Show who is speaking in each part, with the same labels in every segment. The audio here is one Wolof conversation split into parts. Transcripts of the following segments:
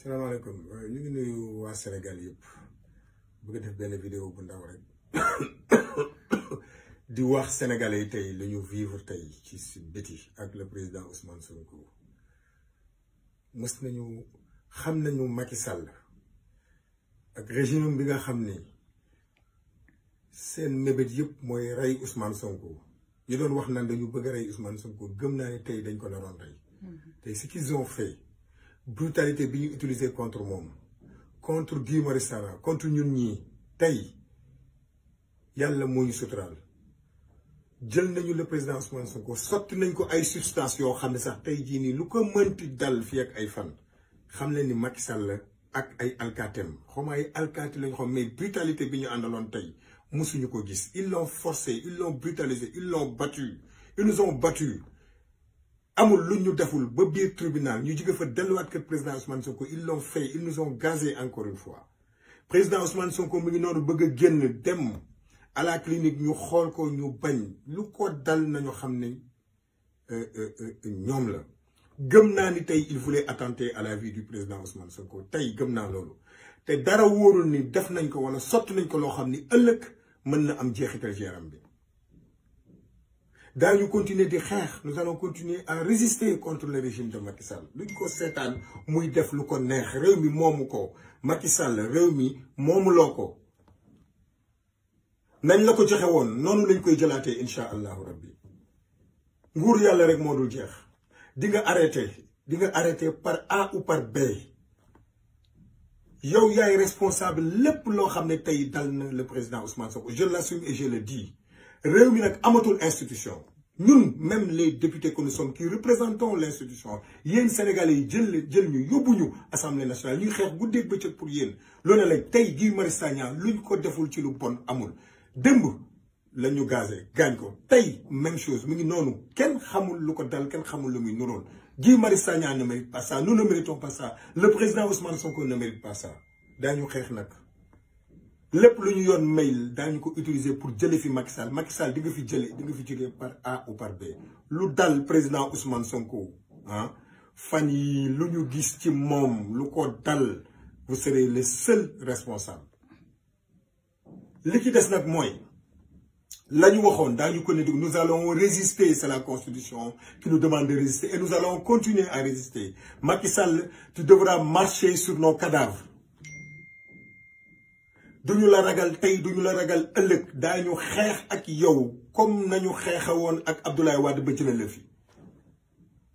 Speaker 1: salaamaaleykum euh, ñu ngi nuyu waa Sénégal yëpp bëgg def benn vidéo bu ndaw rek di wax sénégalais tey lu ñu vivre tey ci si biti ak le président Ousmane Sonko mës nañu xam nañu Macky Sall ak régime bi nga xam ni seen mébét yëpp mooy rey Ousmane Sonko ñu doon wax naan dañu bëgg rey Ousmane Sonko gëm naa ne tey dañ ko naroon rey mm-hmm. tey ce qu'ils ont fait brutalité bi ñu utiliser contre moom contre Guy Marius Sagna contre ñun ñii tey yàlla moo ñu suturaal jël nañu le président Ousmane Sonko sotti nañ ko ay substance yoo xam ne sax tey jii nii lu ko mënti dal fii ak ay fan xam leen ni Macky Sall la ak ay alkatem xaw ma ay alkati lañ xam mais brutalité bi ñu àndaloon tey musuñu ko gis ils l'ont forcé ils l'ont brutalisé ils l'ont battu ils battu amul lu ñu deful ba biir tribunal ñu jóge fa delluwaat kër président Ousmane Sonko ils l'ont fait ils nous ont encore une fois président Ousmane Sonko mu ngi noonu bëgg génn dem à la clinique ñu xool ko ñu bañ lu ko dal nañu xam ne euh, euh, euh, ñoom la gëm naa ni tey il voulait attenter à la vie du président Ousmane Sonko tey gëm naa loolu te dara wóorul ni def nañ ko wala sotti nañ ko loo xam ni ëllëg mën na am jeexital ci bi daañu continuer di xeex nous allons continuer à résister contre le régime de Macky Sall luñ ko seetaan muy def lu ko neex réew mi moomu ko Macky Sall réew mi moomuloo ko nañ la ko joxe woon noonu lañ koy jëlaatee incha allahu rabbi nguur yàlla rek moo dul jeex di nga arrêté di nga arrêté par A ou par B yow yaay responsable lépp loo xam ne tey dal na la président Ousmane Sonko je l'assume et je le réew mi nag amatul institution ñun même les députés que nous sommes qui représentons l' institution yéen sénégalais yi jël jël ñu yóbbu ñu assemblée nationale ñuy xeex guddeeg bëccëg pour yéen loolu la tey Guy Marius Sagna luñ ko deful ci lu bon amul démb la ñu gazé gaañ ko tey même chose mu ngi noonu kenn xamul lu ko dal kenn xamul lu muy nuroon Guy Marius Sagna ne mérite pas ça nous ne méritons pas ça le président Ousmane Sonko ne mérite pas ça daañu xeex nag lépp lu ñu yoon may daañu ko utiliser pour jële fi Macky Sall Macky Sall di nga fi jële di nga fi jógee par A ou par B lu dal président Ousmane Sonko ah, fan yi lu ñu gis ci moom lu ko dal vous serez le seul responsable li ci des nag mooy lañu ñu waxoon daañu ko ne nous allons résister c'est la constitution qui nous demande résister et nous allons continuer à résister Macky Sall tu devras marcher sur nos cadavres duñu la ragal tey duñu la ragal ëllëg daañu xeex ak yow comme nañu xeexa woon ak Abdoulaye Wade ba jëlee la fi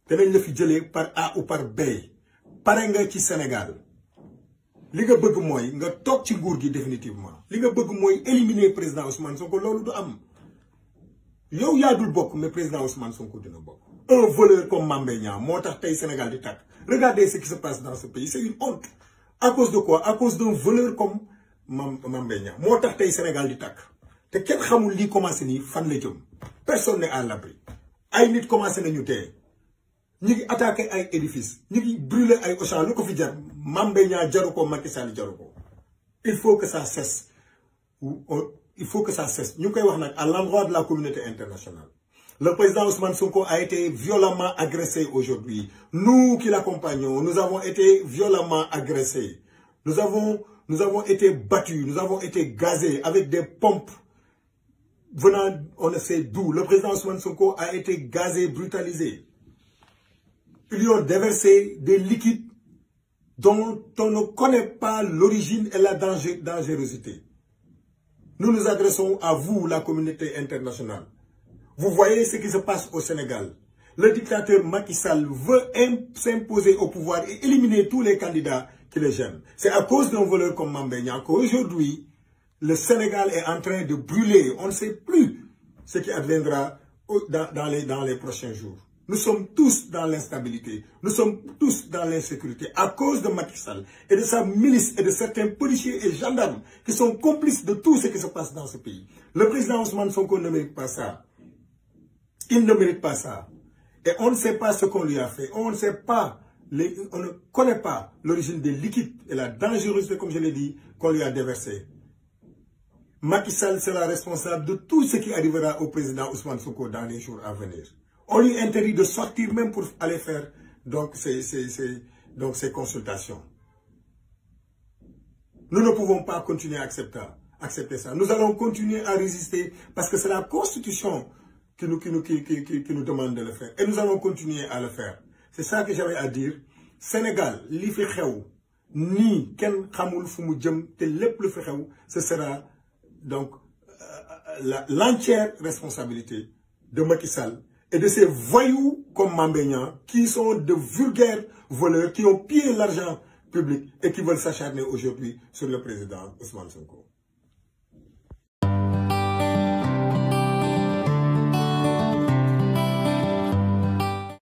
Speaker 1: danañ la fi jëlee par A ou par B pare nga ci Sénégal li nga bëgg mooy nga toog ci nguur gi définitivement li nga bëgg mooy éliminer président Ousmane Sonko loolu du am yow yaa dul bokk mais président Ousmane Sonko dina bokk un voleur comme Mame Mbaye moo tax tey Sénégal di tàkk regardez ce qui se passe dans ce pays c'est une honte Mame Mame Mbaye Niang moo tax tey Sénégal di tàkk te kenn xamul lii commencé nii fan la jëm personne n'est à l'abri ay nit commencé nañu te ñu ngi attaqué ay édifices ñu ngi brûlé ay Auchan lu ko fi jar Mame Mbaye jaru ko Macky Sall jaru ko il faut que ça cesse euh, il faut que ça cesse ñu ngi koy wax nag à l'endroit de la communauté internationale le président Ousmane Sonko a été violemment agressé aujourd'hui nous qui l'accompagnons nous avons été violemment agressés nous avons nous avons été battus, nous avons été gazés avec des pompes venant on ne sait d'où. Le président Ousmane Sonko a été gazé, brutalisé. Ils lui ont déversé des liquides dont on ne connaît pas l'origine et la dangerosité. Nous nous adressons à vous, la communauté internationale. Vous voyez ce qui se passe au Sénégal. le dictateur Macky Sall veut s'imposer au pouvoir et éliminer tous les candidats qui le gênent. C'est à cause d'un voleur comme Mambé qu'aujourd'hui, le Sénégal est en train de brûler. On ne sait plus ce qui adviendra dans, dans, les, dans les prochains jours. Nous sommes tous dans l'instabilité. Nous sommes tous dans l'insécurité à cause de Macky Sall et de sa milice et de certains policiers et gendarmes qui sont complices de tout ce qui se passe dans ce pays. Le président Ousmane Sonko ne mérite pas ça. Il ne mérite Et on ne sait pas ce qu'on lui a fait. On ne sait pas, les, on ne connaît pas l'origine des liquides et la dangerosité, comme je l'ai dit, qu'on lui a déversé. Macky sera responsable de tout ce qui arrivera au président Ousmane Sonko dans les jours à venir. On lui interdit de sortir même pour aller faire donc ces, ces, ces, donc ces consultations. Nous ne pouvons pas continuer à accepter, accepter Nous allons continuer à résister parce que c'est la constitution qui nous, qui, nous, qui, qui, qui nous demande de le faire. Et nous allons continuer à le C'est ça que j'avais à dire. Sénégal, li fi xew ni ken xamul fu mu jëm te lepp lu fi xew ce sera donc euh, l'entière responsabilité de Macky Sall et de ces voyous comme Mambéignan qui sont de vulgaires voleurs qui ont pillé l'argent public et qui veulent s'acharner aujourd'hui sur le président Ousmane Sonko.